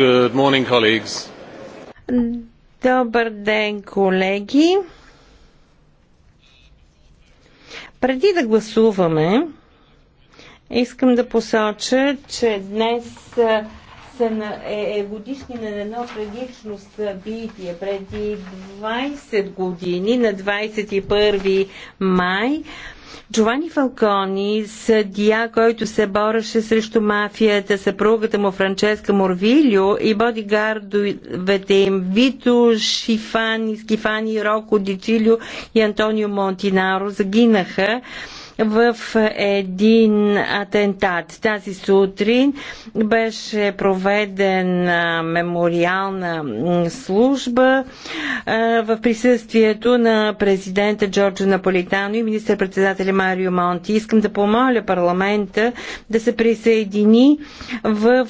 Good morning, colleagues. Добър ден, колеги. Преди да гласуваме, искам да посоча, че днес са на, е, е годишни на едно предишно събитие. Преди 20 години, на 21 май, Джовани Фалкони, съдия, който се бореше срещу мафията, съпругата му Франческа Морвилио и бодигардовете им Вито, Шифани, Скифани, Роко, Дичилио и Антонио Монтинаро загинаха в един атентат. Тази сутрин беше проведена мемориална служба в присъствието на президента Джорджо Наполитано и министър-председателя Марио Монти. Искам да помоля парламента да се присъедини в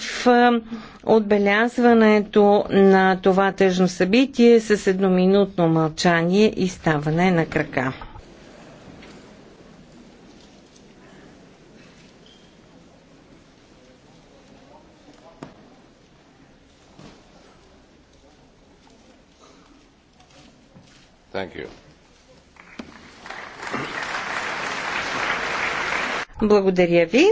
отбелязването на това тъжно събитие с едноминутно мълчание и ставане на крака. Благодаря ви.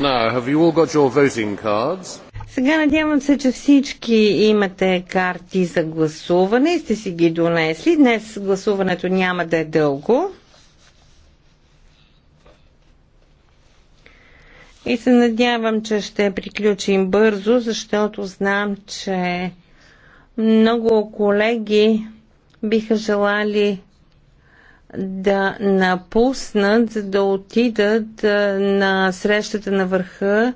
Now, have you all got your voting cards? Сега надявам се, че всички имате карти за гласуване и сте си ги донесли. Днес гласуването няма да е дълго. И се надявам, че ще приключим бързо, защото знам, че много колеги биха желали да напуснат, за да отидат на срещата на върха,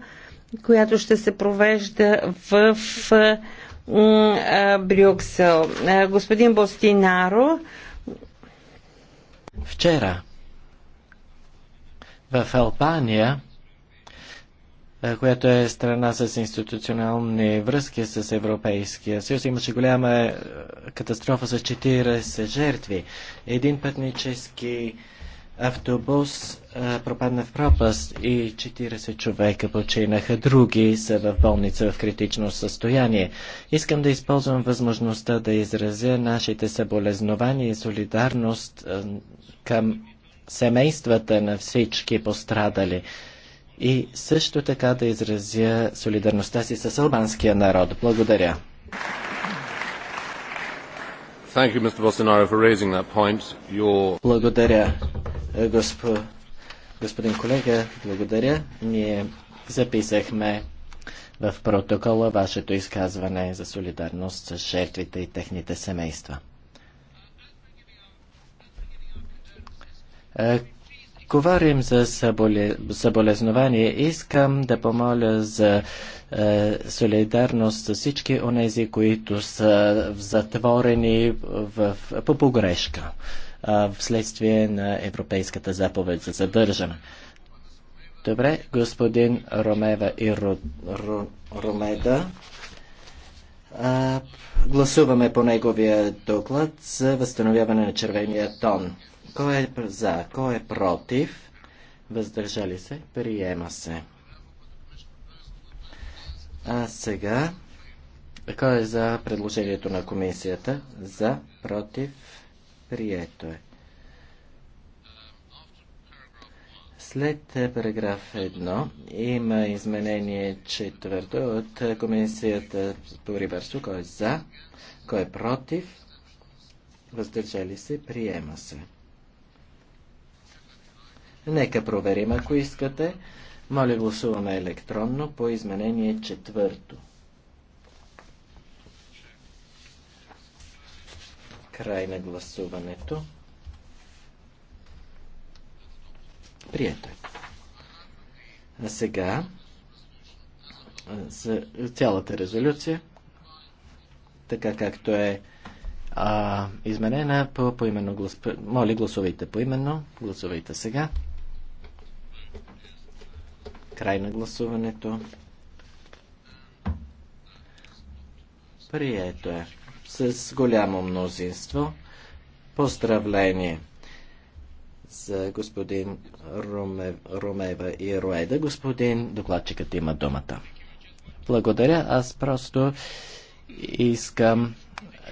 която ще се провежда в Брюксел. Господин Бостинаро. Вчера в Албания която е страна с институционални връзки с Европейския съюз. Имаше голяма катастрофа с 40 жертви. Един пътнически автобус пропадна в пропаст и 40 човека починаха. Други са в болница в критично състояние. Искам да използвам възможността да изразя нашите съболезнования и солидарност към семействата на всички пострадали и също така да изразя солидарността си с албанския народ. Благодаря. Thank You, Mr. Bolsonaro, for raising that point. Your... Благодаря, госп... господин колега. Благодаря. Ние записахме в протокола вашето изказване за солидарност с жертвите и техните семейства. Е, говорим за съболезнование, искам да помоля за е, солидарност с всички онези, които са затворени в, по погрешка е, вследствие на Европейската заповед за задържане. Добре, господин Ромева и Ромеда. А, е, гласуваме по неговия доклад за възстановяване на червения тон. Кой е за? Кой е против? Въздържали се? Приема се. А сега, кой е за предложението на комисията? За, против, прието е. След параграф 1 има изменение четвърто от комисията по рибарство, кой е за, кой е против, въздържали се, приема се. Нека проверим, ако искате. Моля, гласуваме електронно по изменение четвърто. Край на гласуването. Прието е. А сега за цялата резолюция, така както е а, изменена по, по именно глас... Моля, гласувайте по именно. Гласувайте сега. Край на гласуването. Прието е. С голямо мнозинство. Поздравление за господин Руме, Румева и Руеда. Господин докладчикът има думата. Благодаря. Аз просто искам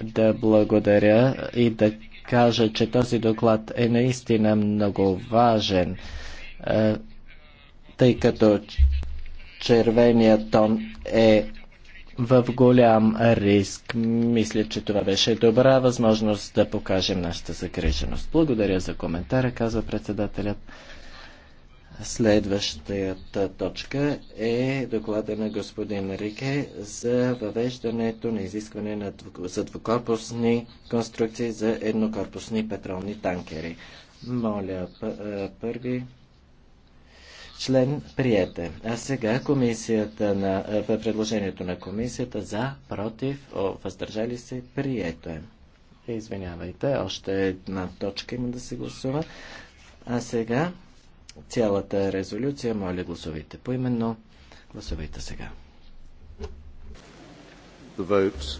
да благодаря и да кажа, че този доклад е наистина много важен. Е, тъй като червения тон е в голям риск. Мисля, че това беше добра възможност да покажем нашата загриженост. Благодаря за коментара, казва председателят. Следващата точка е доклада на господин Рике за въвеждането на изискване на дву... за двукорпусни конструкции за еднокорпусни петролни танкери. Моля, първи член приете. А сега комисията на, предложението на комисията за, против, о, въздържали се, прието е. Извинявайте, още една точка има да се гласува. А сега цялата резолюция, моля гласовите поименно. Гласовите сега. The vote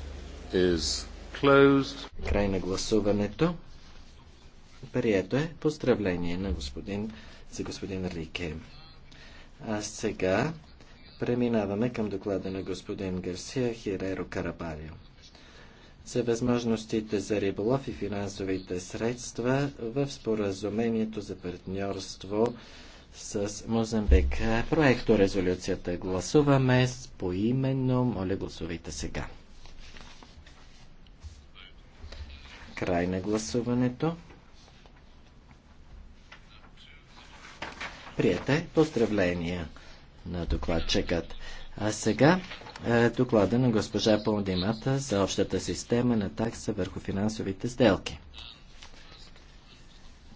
is closed. Край на гласуването. Прието е поздравление на господин, за господин Рике. А сега преминаваме към доклада на господин Гарсия Хиреро Карабалио за възможностите за риболов и финансовите средства в споразумението за партньорство с Мозамбек. Проекто резолюцията гласуваме с поименно. Моля, гласувайте сега. Край на гласуването. Приете. Поздравления на докладчикът. А сега е, доклада на госпожа Пълдимата за общата система на такса върху финансовите сделки.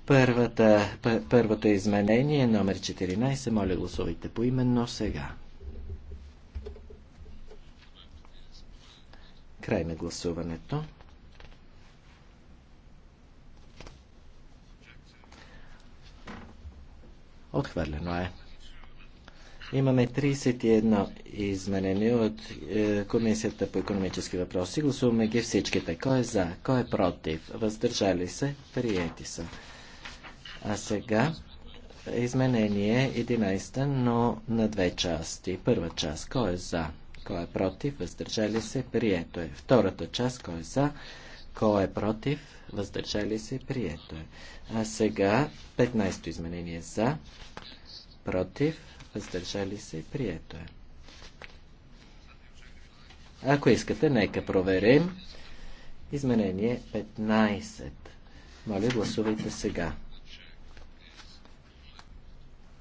Първата, първото изменение, номер 14, моля гласувайте поименно сега. Край на гласуването. Отхвърлено е. Имаме 31 изменения от е, Комисията по економически въпроси. Гласуваме ги всичките. Кой е за, кой е против, въздържали се, приети са. А сега изменение 11, но на две части. Първа част, кой е за, кой е против, въздържали се, прието е. Втората част, кой е за, кой е против? Въздържали се? Прието е. А сега 15-то изменение за, против, въздържали се? Прието е. Ако искате, нека проверим. Изменение 15. Моля, гласувайте сега.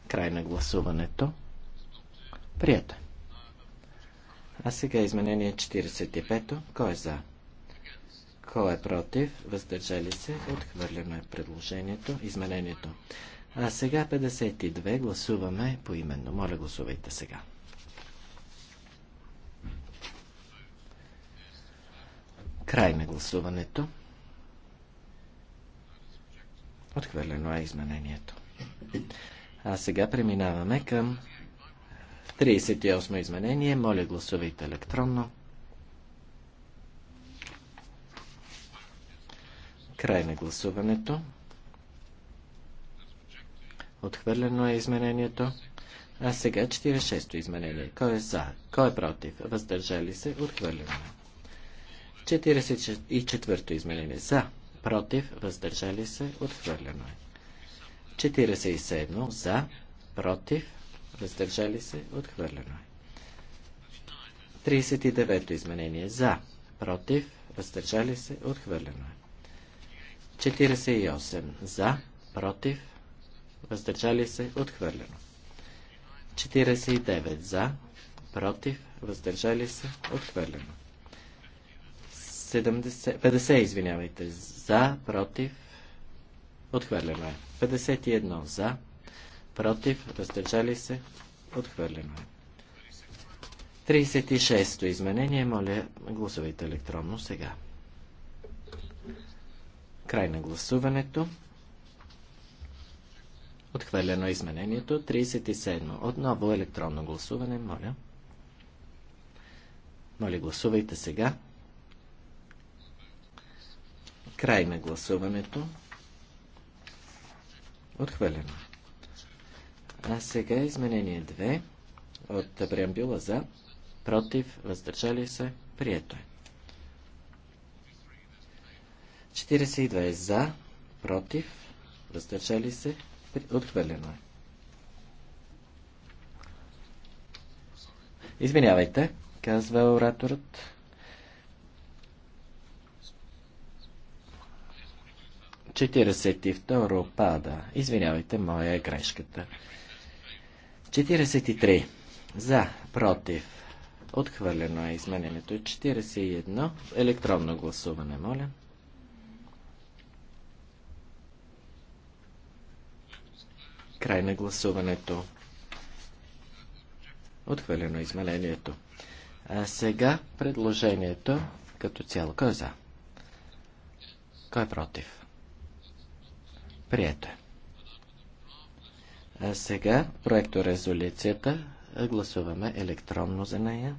Край на гласуването. Прието. Е. А сега изменение 45. Кой е за? Кой е против? Въздържали се? Отхвърлено е предложението, изменението. А сега 52 гласуваме по именно. Моля, гласувайте сега. Край на гласуването. Отхвърлено е изменението. А сега преминаваме към 38 изменение. Моля, гласувайте електронно. Край на гласуването. Отхвърлено е изменението. А сега 46-то изменение. Кой е за? Кой е против? Въздържали се? Отхвърлено. 44-то е. изменение. За. Против? Въздържали се? Отхвърлено е. 47 за, против, въздържали се, отхвърлено е. 39 изменение за, против, въздържали се, отхвърлено е. 48 за, против, въздържали се, отхвърлено. 49 за, против, въздържали се, отхвърлено. 70, 50, извинявайте, за, против, отхвърлено е. 51 за, против, въздържали се, отхвърлено е. 36-то изменение, моля, гласувайте електронно сега. Край на гласуването. Отхвърлено е изменението. 37. Отново електронно гласуване, моля. Моля, гласувайте сега. Край на гласуването. Отхвърлено. А сега е изменение 2 от преамбюла за, против, въздържали се, прието е. 42 за, против, въздържали се, отхвърлено е. Извинявайте, казва ораторът. Четиридесет и второ пада. Извинявайте, моя е грешката. 43. За, против. Отхвърлено е изменението. 41. Електронно гласуване, моля. Край на гласуването. Отхвърлено измалението. А сега предложението като цяло. Кой е за? Кой е против? Прието е. А сега проекто резолюцията. Гласуваме електронно за нея.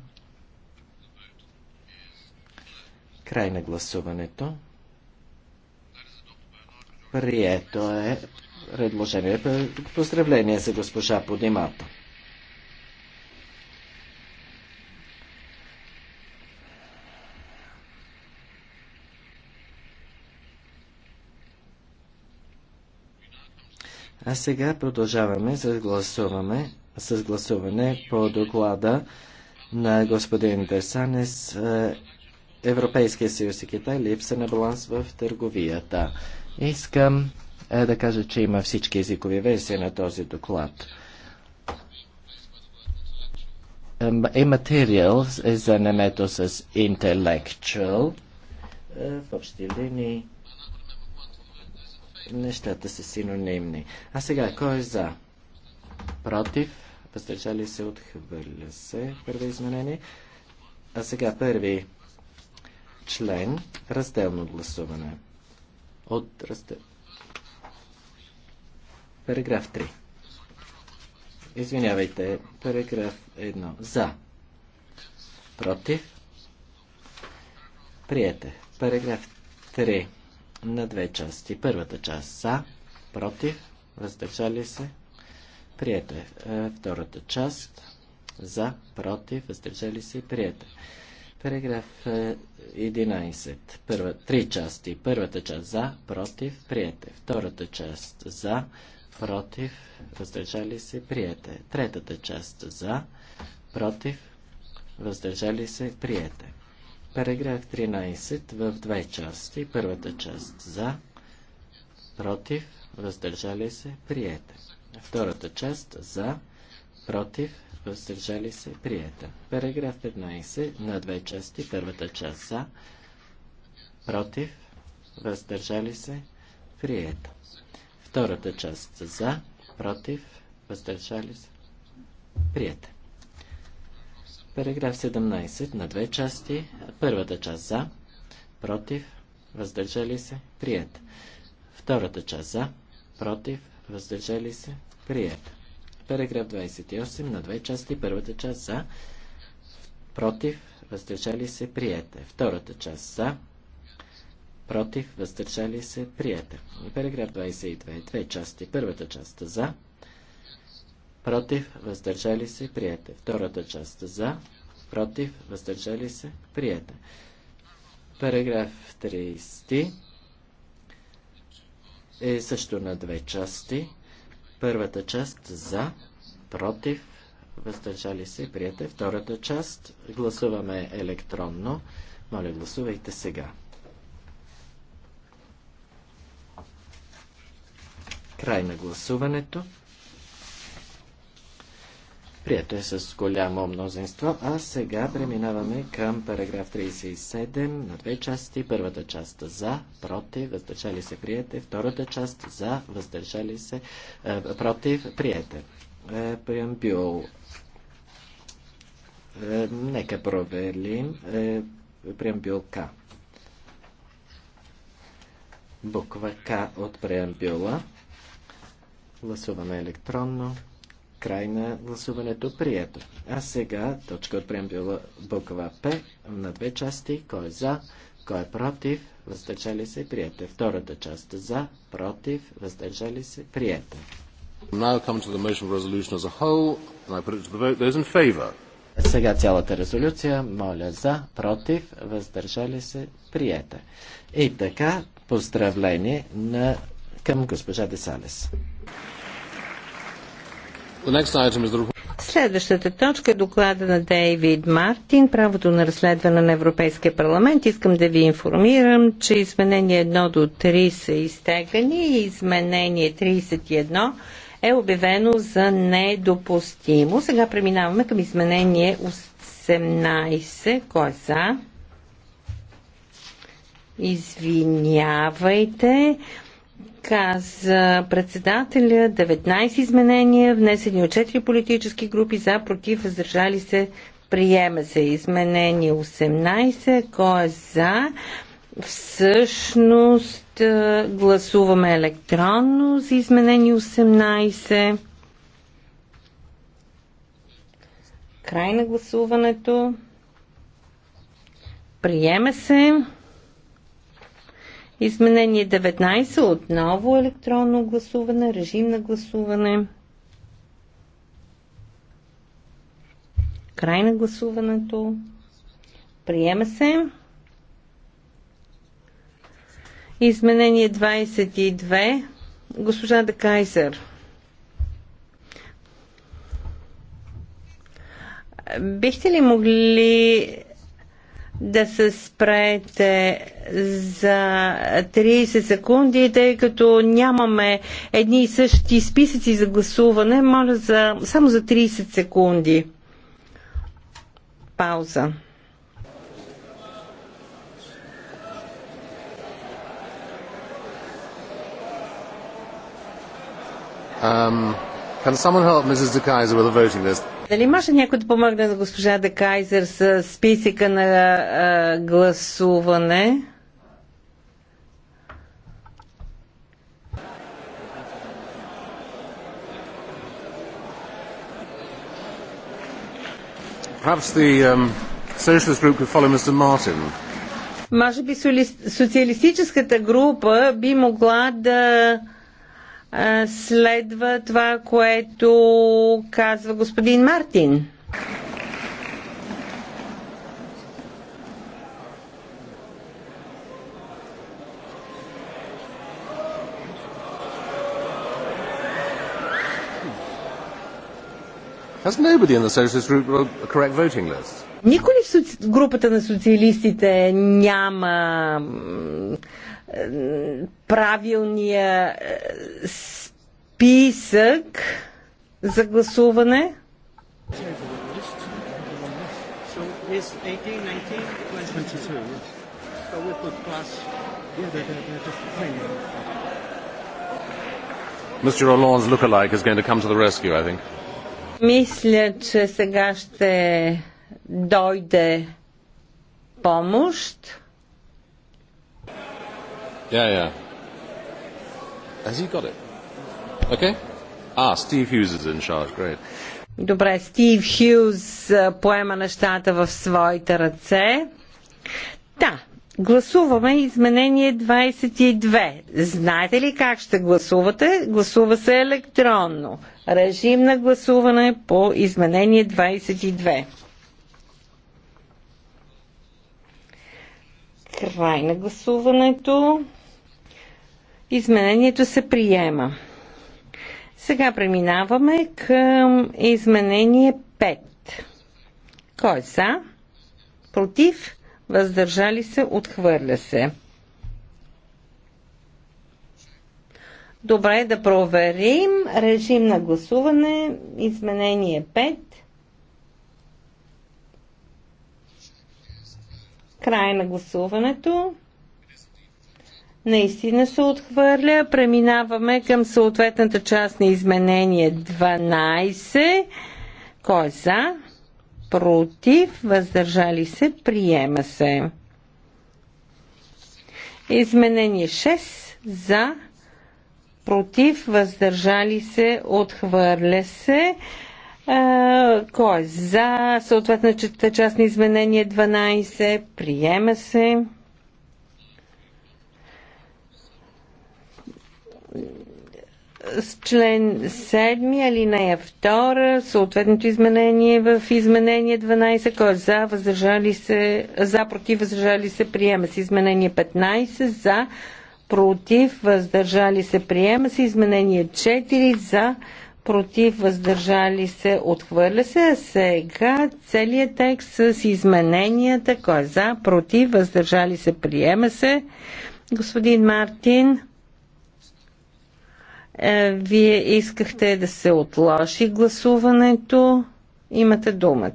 Край на гласуването. Прието е предложение. Поздравление за госпожа Подимата. А сега продължаваме с гласуване, с гласуване по доклада на господин Десанес е, Европейския съюз и Китай липса на баланс в търговията. Искам е, да кажа, че има всички езикови версии на този доклад. Е, материал е немето с intellectual. Е, в общи линии нещата са синонимни. А сега, кой е за? Против? Въздържали се? Отхвърля се. Първо изменение. А сега първи член. Разделно гласуване от растежа. Параграф 3. Извинявайте, параграф 1. За. Против. Приете. Параграф 3 на две части. Първата част за, против, въздържали се. Приете. Е, втората част за, против, въздържали се. Приете. Параграф 11. Е, Първа, три части. Първата част за, против, приете. Втората част за, против, въздържали се, приете. Третата част за, против, въздържали се, приете. Параграф 13 в две части. Първата част за, против, въздържали се, приете. Втората част за, против, въздържали се, приета. Параграф 15 на две части, първата част за, против, въздържали се, приета. Втората част за, против, въздържали се, приета. Параграф 17 на две части, първата част за, против, въздържали се, приета. Втората част за, против, въздържали се, приета. Параграф 28 на две части. Първата част за, против, въздържали се, Приете. Втората част за, против, въздържали се, И Параграф 22. Две части. Първата част за, против, въздържали се, Приете. Втората част за, против, въздържали се, Приете. Параграф 30 е също на две части. Първата част за, против, въздържали се, прияте. Втората част гласуваме електронно. Моля, гласувайте сега. Край на гласуването. Прието е с голямо мнозинство. А сега преминаваме към параграф 37 на две части. Първата част за, против, въздържали се, приете. Втората част за, въздържали се, е, против, приете. Е, преамбюл. Е, нека проверим. Е, преамбюл К. Буква К от преамбюла. Гласуваме електронно. Край на гласуването прието. А сега точка от преамбюла буква П на две части. Кой е за, кой е против, въздържали се, прието. Втората част за, против, въздържали се, прието. Сега цялата резолюция, моля за, против, въздържали се, приета. И така, поздравление на, към госпожа Десалес. Следващата точка е доклада на Дейвид Мартин, правото на разследване на Европейския парламент. Искам да ви информирам, че изменение 1 до 3 са изтегани. и изменение 31 е обявено за недопустимо. Сега преминаваме към изменение 18. Кой е за? Извинявайте каза председателя, 19 изменения, внесени от 4 политически групи, за, против, въздържали се, приема се. Изменение 18, кой е за? Всъщност е, гласуваме електронно за изменение 18. Край на гласуването. Приема се. Изменение 19. Отново електронно гласуване, режим на гласуване. Край на гласуването. Приема се. Изменение 22. Госпожа Дакайзер. Бихте ли могли да се спрете за 30 секунди, тъй като нямаме едни и същи списъци за гласуване. Моля за, само за 30 секунди. Пауза. Um, can someone help Mrs. De Kaiser with a voting list? Дали може някой да помогне на госпожа Де Кайзер с списъка на а, гласуване? Perhaps the um, socialist group could follow Mr. Martin. Може би социалистическата група би могла да следва това, което казва господин Мартин. Никой ли в групата на социалистите няма правилния списък за гласуване. Mr. Hollande's lookalike is going to come to the rescue, I think. Мисля, че сега ще дойде помощ. Yeah, yeah. Has he got it? Okay? Ah, Steve Hughes is in charge. Great. Добре, Стив Хюз поема нещата в своите ръце. Да, гласуваме изменение 22. Знаете ли как ще гласувате? Гласува се електронно. Режим на гласуване по изменение 22. Край на гласуването. Изменението се приема. Сега преминаваме към изменение 5. Кой е за? Против? Въздържали се? Отхвърля се. Добре, да проверим. Режим на гласуване. Изменение 5. Край на гласуването наистина се отхвърля. Преминаваме към съответната част на изменение 12. Кой е за? Против? Въздържали се? Приема се. Изменение 6. За? Против? Въздържали се? Отхвърля се. Кой е за? Съответната част на изменение 12. Приема се. с член 7, алинея 2, съответното изменение в изменение 12, кой е за, въздържали се, за, против, въздържали се, приема се. Изменение 15, за, против, въздържали се, приема се. Изменение 4, за, против, въздържали се, отхвърля се. А сега целият текст с измененията, кой е за, против, въздържали се, приема се. Господин Мартин. Е, вие искахте да се отложи гласуването. Имате думата.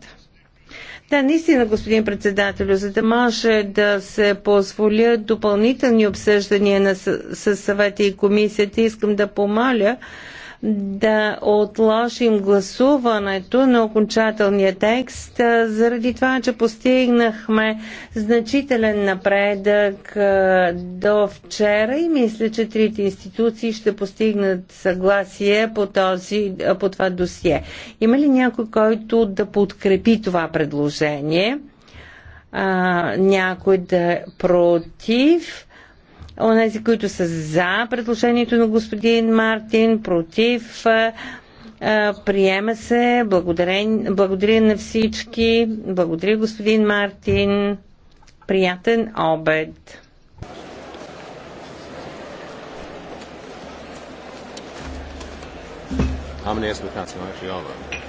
Да, наистина, господин председател, за да може да се позволя допълнителни обсъждания на, с, с съвета и комисията, искам да помоля да отложим гласуването на окончателния текст, заради това, че постигнахме значителен напредък до вчера и мисля, че трите институции ще постигнат съгласие по, този, по това досие. Има ли някой, който да подкрепи това предложение? а, някой да е против онези, които са за предложението на господин Мартин, против, приема се. Благодаря на всички. Благодаря господин Мартин. Приятен обед. How many can actually